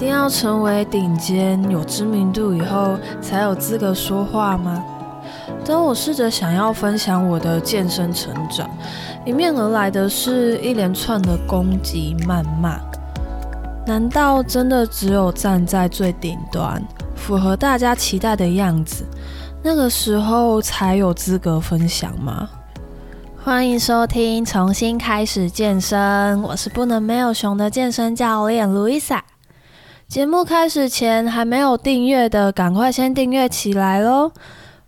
一定要成為頂尖、有知名度以後才有資格說話嗎？當我試着想要分享我的健身成長，迎面而來的是一連串的攻擊、謾罵。難道真的只有站在最頂端、符合大家期待的樣子，那個時候才有資格分享嗎？歡迎收聽《重新開始健身》，我是不能沒有熊的健身教練露易莎。節目開始前還沒有訂閱的，趕快先訂閱起來咯。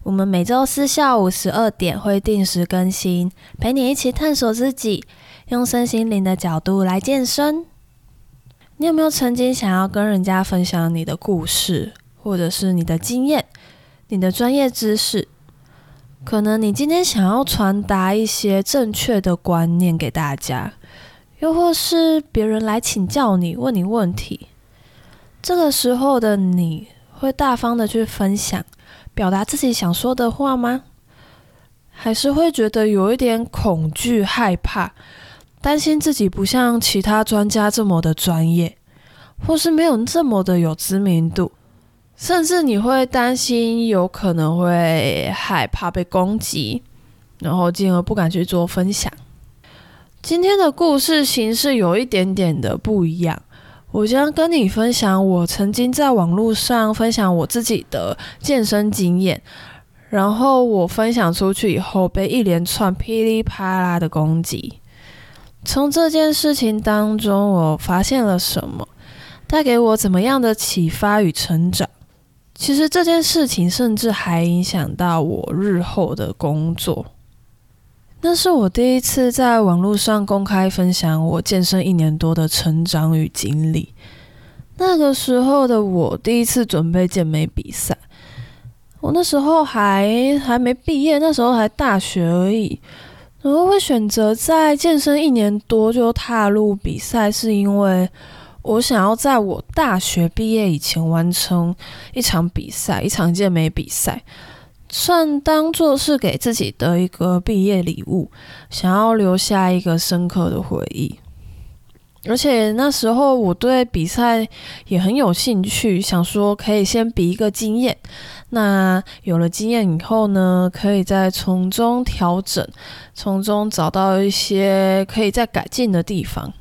我們每週四下午十二點會定時更新，陪你一起探索自己，用身心靈的角度來健身。你有沒有曾經想要跟人家分享你的故事，或者是你的經驗、你的專業知識？可能你今天想要傳達一些正確的觀念給大家，又或是別人來請教你，問你問題。這個時候的你會大方的去分享，表達自己想說的話嗎？還是會覺得有一點恐懼、害怕，擔心自己不像其他專家這麼的專業，或是沒有這麼的有知名度，甚至你會擔心有可能會害怕被攻擊，然後進而不敢去做分享。今天的故事形式有一點點的不一樣。我將跟你分享我曾經在網絡上分享我自己的健身經驗，然後我分享出去以後，被一連串噼里啪啦的攻擊。從這件事情當中，我發現了什麼，帶給我怎麼樣的啟發與成長？其實這件事情甚至還影響到我日後的工作。那是我第一次在網絡上公開分享我健身一年多的成長與經歷。那個時候的我，第一次準備健美比賽。我那時候還還沒畢業，那時候還大學而已。然後會選擇在健身一年多就踏入比賽，是因為我想要在我大學畢業以前完成一場比賽，一場健美比賽。算當作是給自己的一個畢業禮物，想要留下一個深刻的回憶。而且那時候我對比賽也很有興趣，想說可以先比一個經驗。那有了經驗以後呢，可以再從中調整，從中找到一些可以再改進的地方。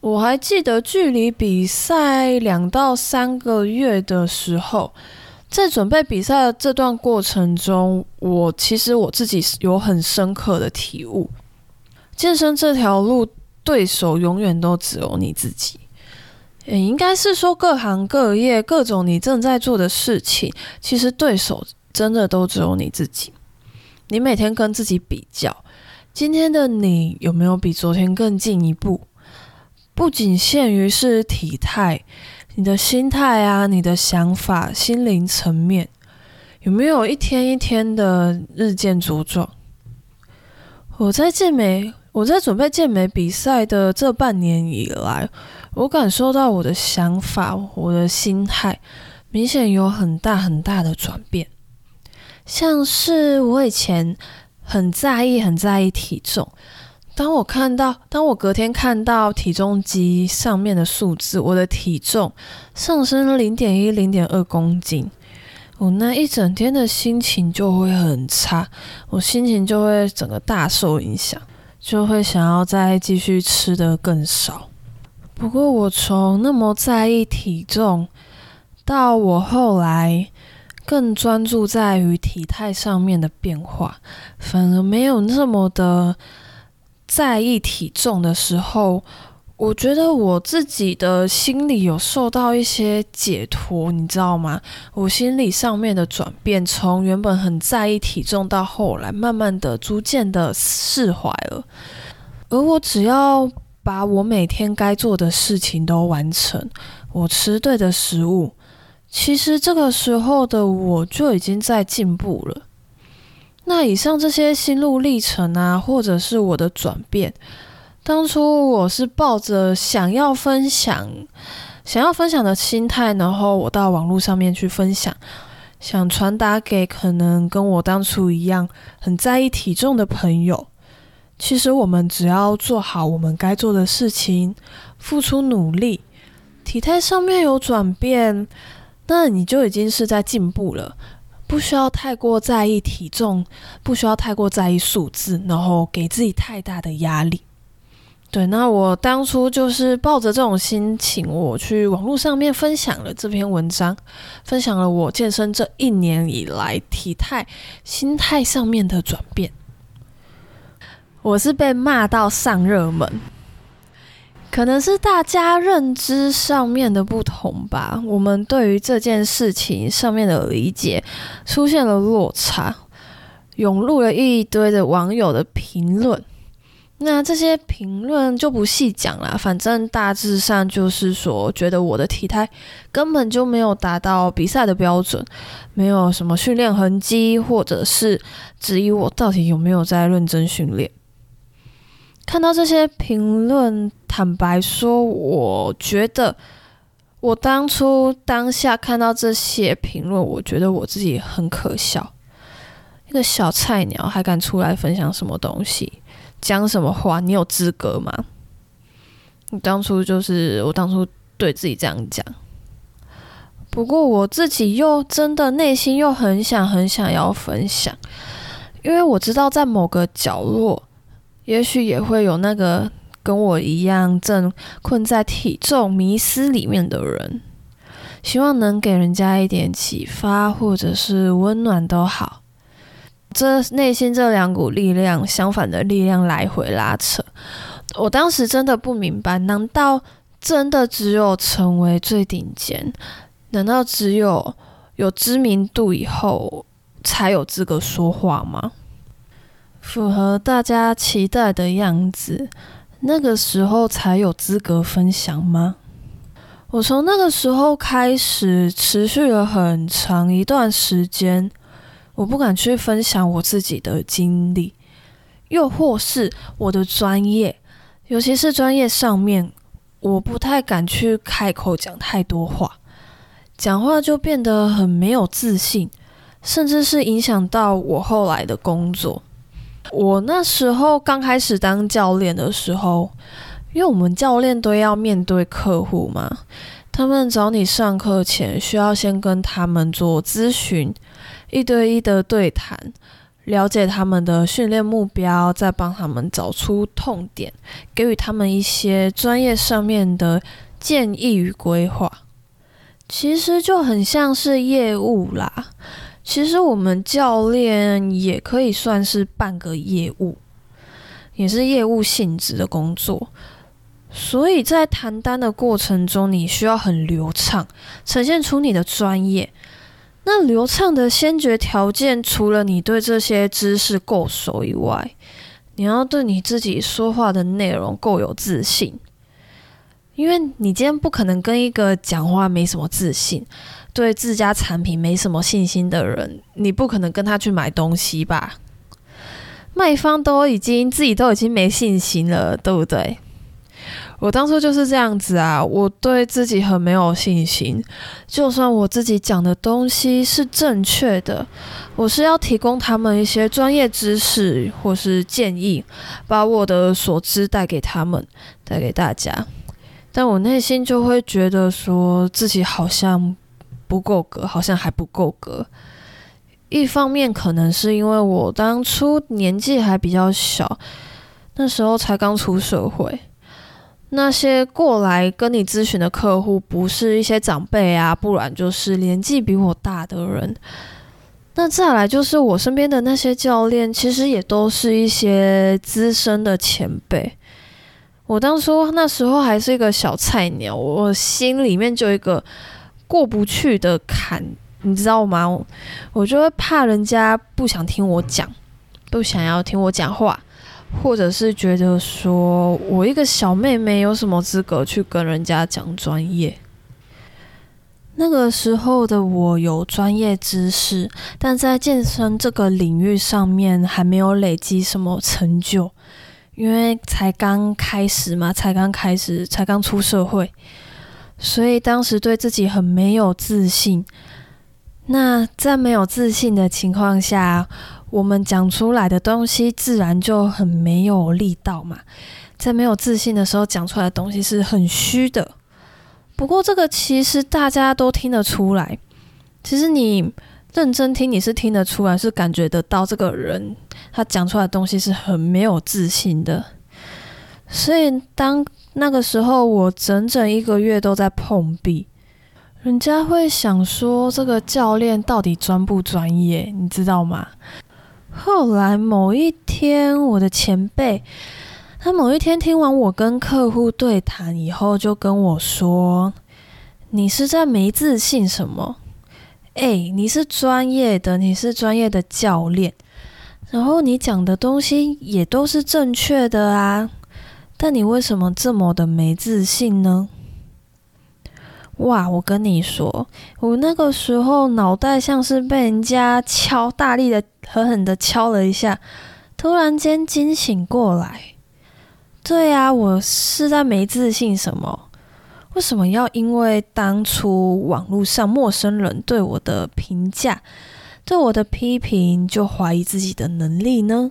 我還記得距離比賽兩到三個月的時候。在準備比賽的這段過程中，我其實我自己有很深刻的體悟：健身這條路，對手永遠都只有你自己。也應該是說，各行各業、各種你正在做的事情，其實對手真的都只有你自己。你每天跟自己比較，今天的你有沒有比昨天更進一步？不僅限於是體態。你的心態啊，你的想法，心靈層面，有沒有一天一天的日漸茁壯？我在健美，我在準備健美比賽的這半年以來，我感受到我的想法，我的心態，明顯有很大很大的轉變。像是我以前很在意，很在意體重。當我看到，當我隔天看到體重機上面的數字，我的體重上升了零點一、零點二公斤，我那一整天的心情就會很差，我心情就會整個大受影響，就會想要再繼續吃得更少。不過，我從那麼在意體重，到我後來更專注在於體態上面的變化，反而沒有那麼的。在意體重的時候，我覺得我自己的心裡有受到一些解脫，你知道嗎？我心理上面的轉變，從原本很在意體重，到後來慢慢的、逐漸的釋懷了。而我只要把我每天該做的事情都完成，我吃對的食物，其實這個時候的我就已經在進步了。那以上這些心路歷程啊，或者是我的轉變，當初我是抱着想要分享、想要分享的心態，然後我到網絡上面去分享，想傳達給可能跟我當初一樣很在意體重的朋友。其實我們只要做好我們該做的事情，付出努力，體態上面有轉變，那你就已經是在進步了。不需要太過在意體重，不需要太過在意數字，然後給自己太大的壓力。對，那我當初就是抱着這種心情，我去網絡上面分享了這篇文章，分享了我健身這一年以來體態、心態上面的轉變。我是被罵到上熱門。可能是大家認知上面的不同吧，我們對於這件事情上面的理解出現了落差，湧入了一堆的網友的評論。那這些評論就不細講啦，反正大致上就是說，覺得我的體態根本就沒有達到比賽的標準，沒有什麼訓練痕跡，或者是質疑我到底有沒有在認真訓練。看到這些評論，坦白說，我覺得我當初當下看到這些評論，我覺得我自己很可笑。一個小菜鳥還敢出來分享什麼東西，講什麼話？你有資格嗎？我當初就是我當初對自己這樣講。不過我自己又真的內心又很想很想要分享，因為我知道在某個角落。也許也會有那個跟我一樣正困在體重迷思裡面的人，希望能給人家一點啟發，或者是溫暖都好。這內心這兩股力量相反的力量來回拉扯，我當時真的不明白，難道真的只有成為最頂尖，難道只有有知名度以後才有資格說話嗎？符合大家期待的樣子，那個時候才有資格分享嗎？我從那個時候開始，持續了很長一段時間，我不敢去分享我自己的經歷，又或是我的專業，尤其是專業上面，我不太敢去開口講太多話，講話就變得很沒有自信，甚至是影響到我後來的工作。我那時候剛開始當教練的時候，因為我們教練都要面對客戶嘛，他們找你上課前需要先跟他們做諮詢，一對一的對談，了解他們的訓練目標，再幫他們找出痛點，給予他們一些專業上面的建議與規劃，其實就很像是業務啦。其實我們教練也可以算是半個業務，也是業務性質的工作。所以在談單的過程中，你需要很流暢，呈現出你的專業。那流暢的先決條件，除了你對這些知識夠熟以外，你要對你自己說話的內容夠有自信。因為你今天不可能跟一個講話沒什麼自信。對自家產品沒什麼信心的人，你不可能跟他去買東西吧？賣方都已經自己都已經沒信心了，對不對？我當初就是這樣子啊，我對自己很沒有信心。就算我自己講的東西是正確的，我是要提供他們一些專業知識或是建議，把我的所知帶給他們，帶給大家。但我內心就會覺得說自己好像。不夠格，好像還不夠格。一方面可能是因為我當初年紀還比較小，那時候才剛出社會，那些過來跟你諮詢的客戶不是一些長輩啊，不然就是年紀比我大的人。那再來就是我身邊的那些教練，其實也都是一些資深的前輩。我當初那時候還是一個小菜鳥，我心裡面就一個。過不去的坎，你知道嗎？我就會怕人家不想聽我講，不想要聽我講話，或者是覺得說我一個小妹妹有什麼資格去跟人家講專業？那個時候的我有專業知識，但在健身這個領域上面還沒有累積什麼成就，因為才剛開始嘛，才剛開始，才剛出社會。所以當時對自己很沒有自信，那在沒有自信的情況下，我們講出來的東西自然就很沒有力道嘛。在沒有自信的時候，講出來的東西是很虛的。不過這個其實大家都聽得出來，其實你認真聽，你是聽得出來，是感覺得到，這個人他講出來的東西是很沒有自信的。所以，當那個時候，我整整一個月都在碰壁。人家會想說，這個教練到底專不專業？你知道嗎？後來某一天，我的前輩他某一天聽完我跟客戶對談以後，就跟我說：“你是在沒自信什麼？誒，你是專業的，你是專業的教練，然後你講的東西也都是正確的啊。”但你為什麼這麼的沒自信呢？哇，我跟你說，我那個時候腦袋像是被人家敲，大力的、狠狠的敲了一下，突然間驚醒過來。對啊，我是在沒自信什麼？為什麼要因為當初網絡上陌生人對我的評價、對我的批評，就懷疑自己的能力呢？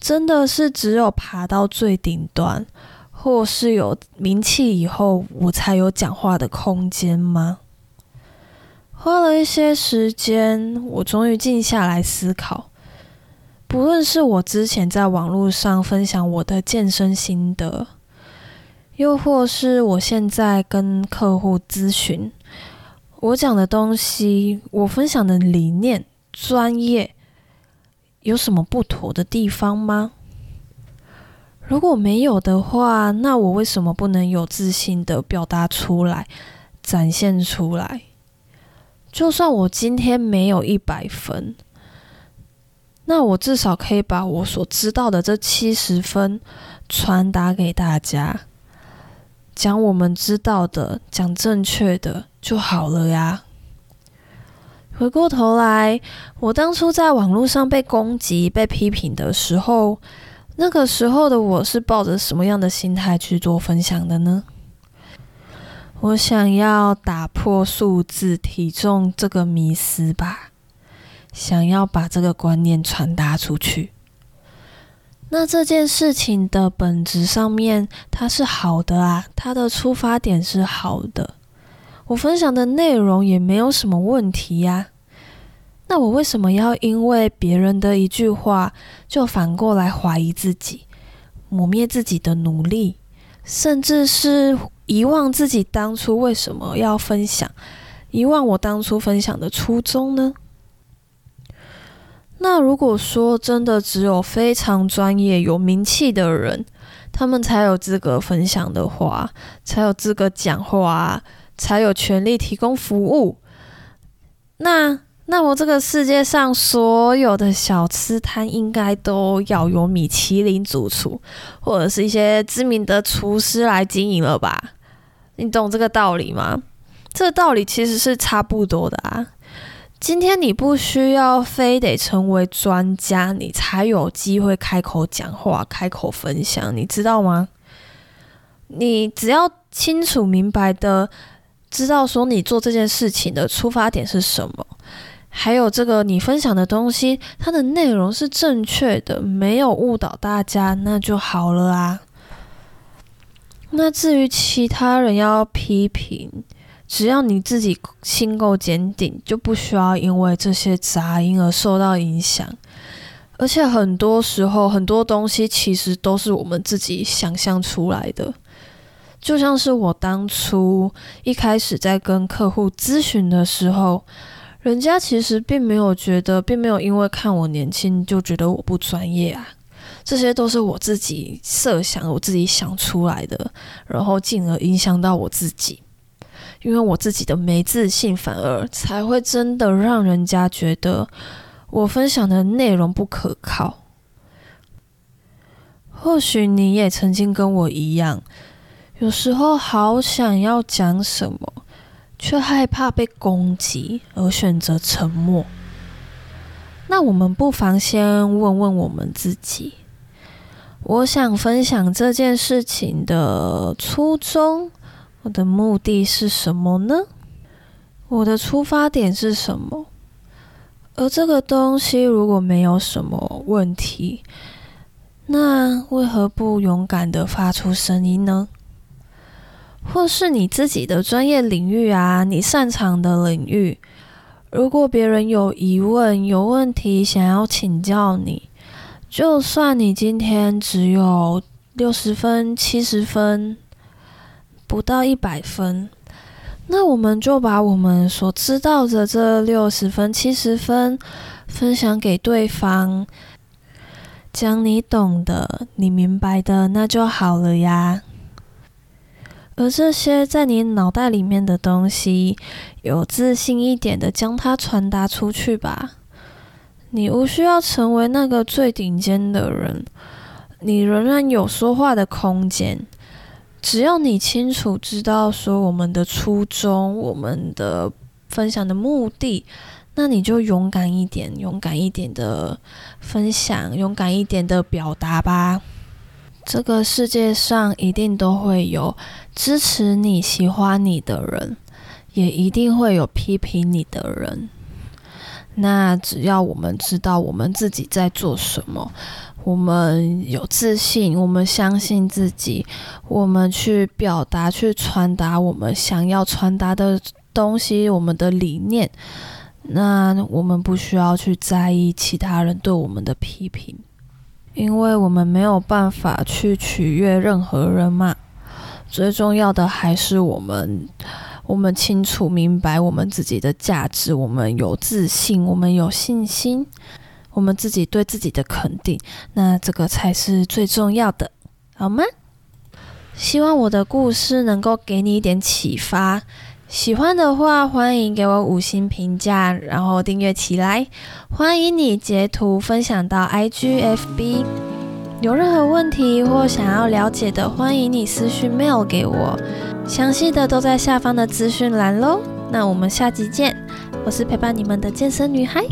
真的是只有爬到最頂端，或是有名氣以後，我才有講話的空間嗎？花了一些時間，我終於靜下來思考。不論是我之前在網絡上分享我的健身心得，又或是我現在跟客戶諮詢，我講的東西，我分享的理念，專業。有什麼不妥的地方嗎？如果沒有的話，那我為什麼不能有自信地表達出來、展現出來？就算我今天沒有一百分，那我至少可以把我所知道的這七十分傳達給大家，講我們知道的、講正確的就好了呀。回過頭來，我當初在網絡上被攻擊、被批評的時候，那個時候的我是抱着什麼樣的心態去做分享的呢？我想要打破數字體重這個迷思吧，想要把這個觀念傳達出去。那這件事情的本質上面，它是好的啊，它的出發點是好的。我分享的內容也沒有什麼問題呀。啊，那我為什麼要因為別人的一句話就反過來懷疑自己，磨滅自己的努力，甚至是遺忘自己當初為什麼要分享，遺忘我當初分享的初衷呢？那如果說真的只有非常專業、有名氣的人，他們才有資格分享的話，才有資格講話啊？才有權利提供服務。那那麼，這個世界上所有的小吃攤應該都要由米其林主廚或者是一些知名的廚師來經營了吧？你懂這個道理嗎？這個道理其實是差不多的啊。今天你不需要非得成為專家，你才有機會開口講話、開口分享，你知道嗎？你只要清楚明白的，知道說你做這件事情的出發點是什麼，還有這個你分享的東西，它的內容是正確的，沒有誤導大家，那就好了啊。那至於其他人要批評，只要你自己心夠堅定，就不需要因為這些雜音而受到影響。而且很多時候，很多東西其實都是我們自己想象出來的。就像是我當初一開始在跟客戶諮詢的時候，人家其實並沒有覺得，並沒有因為看我年輕就覺得我不專業啊。這些都是我自己設想，我自己想出來的，然後進而影響到我自己，因為我自己的沒自信，反而才會真的讓人家覺得我分享的內容不可靠。或許你也曾經跟我一樣。有時候好想要講什麼，卻害怕被攻擊而選擇沉默。那我們不妨先問問我們自己：我想分享這件事情的初衷，我的目的是什麼呢？我的出發點是什麼？而這個東西如果沒有什麼問題，那為何不勇敢地發出聲音呢？或是你自己的專業領域啊，你擅長的領域，如果別人有疑問、有問題想要請教你，就算你今天只有六十分、七十分，不到一百分，那我們就把我們所知道的這六十分、七十分分享給對方，講你懂的、你明白的，那就好了呀。而這些在你腦袋裡面的東西，有自信一點的將它傳達出去吧。你無需要成為那個最頂尖的人，你仍然有說話的空間。只要你清楚知道說我們的初衷，我們的分享的目的，那你就勇敢一點，勇敢一點的分享，勇敢一點的表達吧。這個世界上一定都會有支持你喜歡你的人，也一定會有批評你的人。那只要我們知道我們自己在做什麼，我們有自信，我們相信自己，我們去表達、去傳達我們想要傳達的東西、我們的理念。那我們不需要去在意其他人對我們的批評。因為我們沒有辦法去取悅任何人嘛，最重要的還是我們，我們清楚明白我們自己的價值，我們有自信，我們有信心，我們自己對自己的肯定，那這個才是最重要的，好嗎？希望我的故事能夠給你一點啟發。喜歡的話，歡迎給我五星評價，然後訂閱起來。歡迎你截圖分享到 IG、FB。有任何問題或想要了解的，歡迎你私訊 mail 給我，詳細的都在下方的資訊欄嘍。那我們下集見，我是陪伴你們的健身女孩。